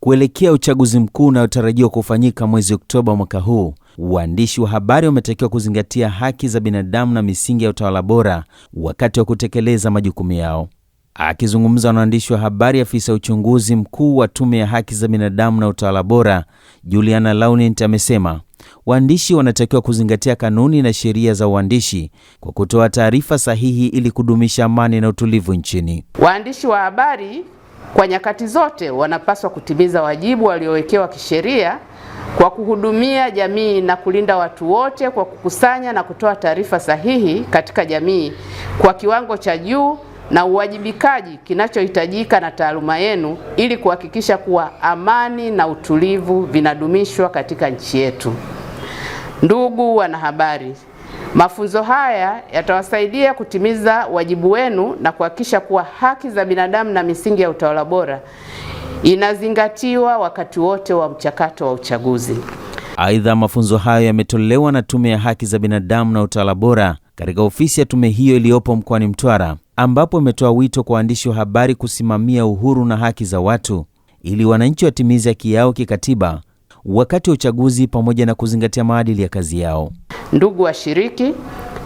Kuelekea uchaguzi mkuu unaotarajiwa kufanyika mwezi Oktoba mwaka huu, waandishi wa habari wametakiwa kuzingatia haki za binadamu na misingi ya utawala bora wakati wa kutekeleza majukumu yao. Akizungumza na waandishi wa habari, afisa uchunguzi mkuu wa Tume ya Haki za Binadamu na Utawala Bora Juliana launent amesema waandishi wanatakiwa kuzingatia kanuni na sheria za uandishi kwa kutoa taarifa sahihi ili kudumisha amani na utulivu nchini. Waandishi wa habari kwa nyakati zote wanapaswa kutimiza wajibu waliowekewa kisheria kwa kuhudumia jamii na kulinda watu wote kwa kukusanya na kutoa taarifa sahihi katika jamii kwa kiwango cha juu na uwajibikaji kinachohitajika na taaluma yenu ili kuhakikisha kuwa amani na utulivu vinadumishwa katika nchi yetu. Ndugu wanahabari, Mafunzo haya yatawasaidia kutimiza wajibu wenu na kuhakikisha kuwa haki za binadamu na misingi ya utawala bora inazingatiwa wakati wote wa mchakato wa uchaguzi. Aidha, mafunzo hayo yametolewa na Tume ya Haki za Binadamu na Utawala Bora katika ofisi ya tume hiyo iliyopo mkoani Mtwara, ambapo imetoa wito kwa waandishi wa habari kusimamia uhuru na haki za watu ili wananchi watimize haki yao kikatiba wakati wa uchaguzi pamoja na kuzingatia maadili ya kazi yao. Ndugu washiriki,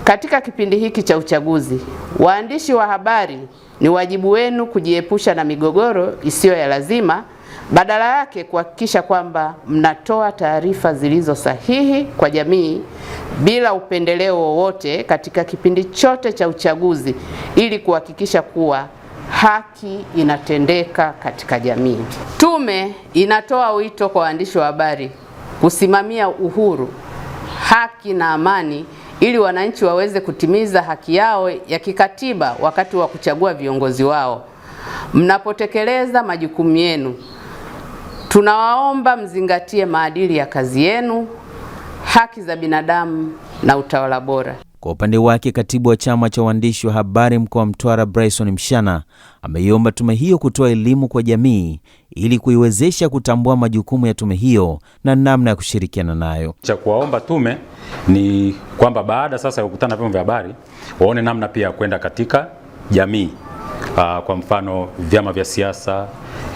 katika kipindi hiki cha uchaguzi, waandishi wa habari, ni wajibu wenu kujiepusha na migogoro isiyo ya lazima, badala yake kuhakikisha kwamba mnatoa taarifa zilizo sahihi kwa jamii bila upendeleo wowote katika kipindi chote cha uchaguzi ili kuhakikisha kuwa haki inatendeka katika jamii. Tume inatoa wito kwa waandishi wa habari kusimamia uhuru, haki na amani ili wananchi waweze kutimiza haki yao ya kikatiba wakati wa kuchagua viongozi wao. Mnapotekeleza majukumu yenu, tunawaomba mzingatie maadili ya kazi yenu, haki za binadamu na utawala bora. Kwa upande wake, katibu wa chama cha waandishi wa habari mkoa wa Mtwara, Bryson Mshana, ameiomba tume hiyo kutoa elimu kwa jamii ili kuiwezesha kutambua majukumu ya tume hiyo na namna ya kushirikiana nayo. Cha kuwaomba tume ni kwamba baada sasa ya kukutana na vyombo vya habari waone namna pia ya kwenda katika jamii Uh, kwa mfano vyama vya siasa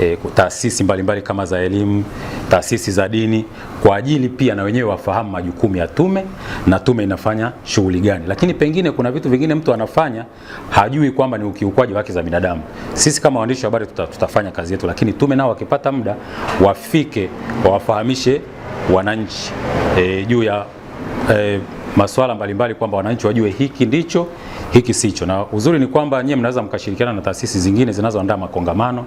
e, taasisi mbalimbali kama za elimu, taasisi za dini, kwa ajili pia na wenyewe wafahamu majukumu ya tume na tume inafanya shughuli gani. Lakini pengine kuna vitu vingine mtu anafanya hajui kwamba ni ukiukwaji wa haki za binadamu. Sisi kama waandishi wa habari tuta, tutafanya kazi yetu, lakini tume nao wakipata muda wafike wawafahamishe wananchi e, juu ya e, masuala mbalimbali, kwamba wananchi wajue hiki ndicho, hiki sicho. Na uzuri ni kwamba nyie mnaweza mkashirikiana na taasisi zingine zinazoandaa makongamano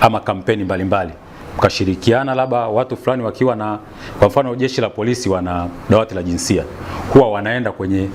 ama kampeni mbalimbali mkashirikiana labda watu fulani wakiwa na, kwa mfano jeshi la polisi wana dawati la jinsia, huwa wanaenda kwenye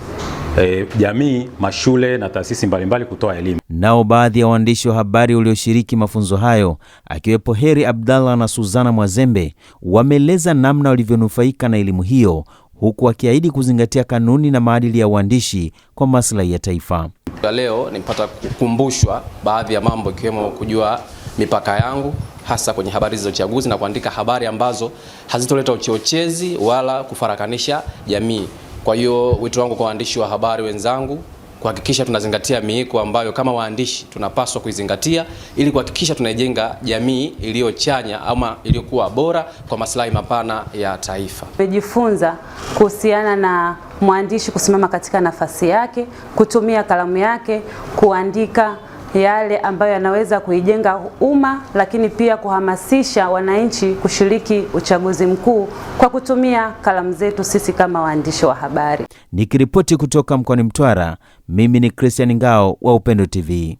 e, jamii, mashule na taasisi mbalimbali kutoa elimu. Nao baadhi ya waandishi wa habari walioshiriki mafunzo hayo akiwepo Heri Abdallah na Suzana Mwazembe wameeleza namna walivyonufaika na elimu hiyo huku akiahidi kuzingatia kanuni na maadili ya uandishi kwa maslahi ya taifa. Leo nimpata kukumbushwa baadhi ya mambo ikiwemo kujua mipaka yangu hasa kwenye habari za uchaguzi na kuandika habari ambazo hazitoleta uchochezi wala kufarakanisha jamii. Kwa hiyo wito wangu kwa waandishi wa habari wenzangu kuhakikisha tunazingatia miiko ambayo kama waandishi tunapaswa kuizingatia ili kuhakikisha tunaijenga jamii iliyochanya ama iliyokuwa bora kwa maslahi mapana ya taifa. Tumejifunza kuhusiana na mwandishi kusimama katika nafasi yake, kutumia kalamu yake kuandika yale ambayo yanaweza kuijenga umma, lakini pia kuhamasisha wananchi kushiriki uchaguzi mkuu kwa kutumia kalamu zetu sisi kama waandishi wa habari. Nikiripoti kutoka mkoani Mtwara, mimi ni Christian Ngao wa Upendo TV.